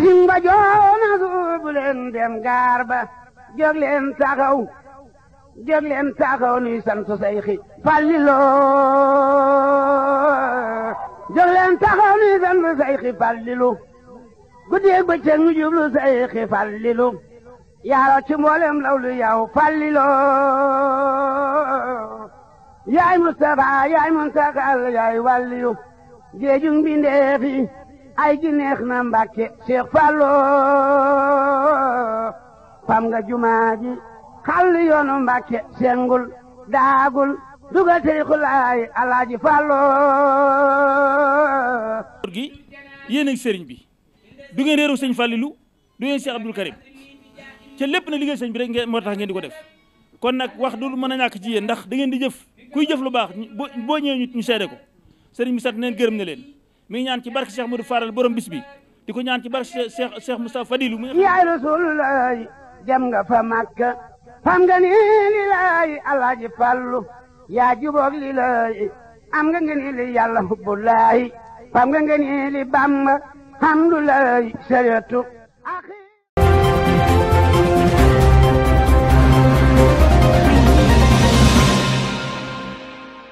masin ba joona suubu leen dem gaar ba jóg leen taxaw jóg leen taxaw nuy sant Seyxi Fallilo jóg leen taxaw nuy sant Seyxi Fallilu guddeeg bëccëg ñu jublu Seyxi Fallilu yaaro ci mboolem law lu yow Fallilo yaay Mustafa yaay Muntakal yaay wàlliyu géejug mbindeef yi ay gi neex na mbàkke Cheikh Fallo fam nga jumaa ji xàll yoonu mbàkke sengul daagul dugal tey xulaay alaaji Fallo gi yéen ak sëriñ bi du ngeen réeru sëñ Fallilou du ngeen Cheikh Abdoul Karim ca lépp na liggéey sëñ bi rek ngeen moo tax ngeen di ko def kon nag wax du mën a ñàkk ci yéen ndax da ngeen di jëf kuy jëf lu baax boo ñëwee ñu seede ko sëriñ bi sant neen gërëm na leen mi ñaan ci barke Cheikh Modou Faral borom bis bi di ko ñaan ci barke Cheikh Cheikh Moustapha Fadilu mi yaay jam nga fa Makka fam nga ni lilaay alaaji Fallu yaa juboog lilaay am nga ngeen li yàlla hubbulaay fam nga ngeen li Bàmba hamdulaay sariyatu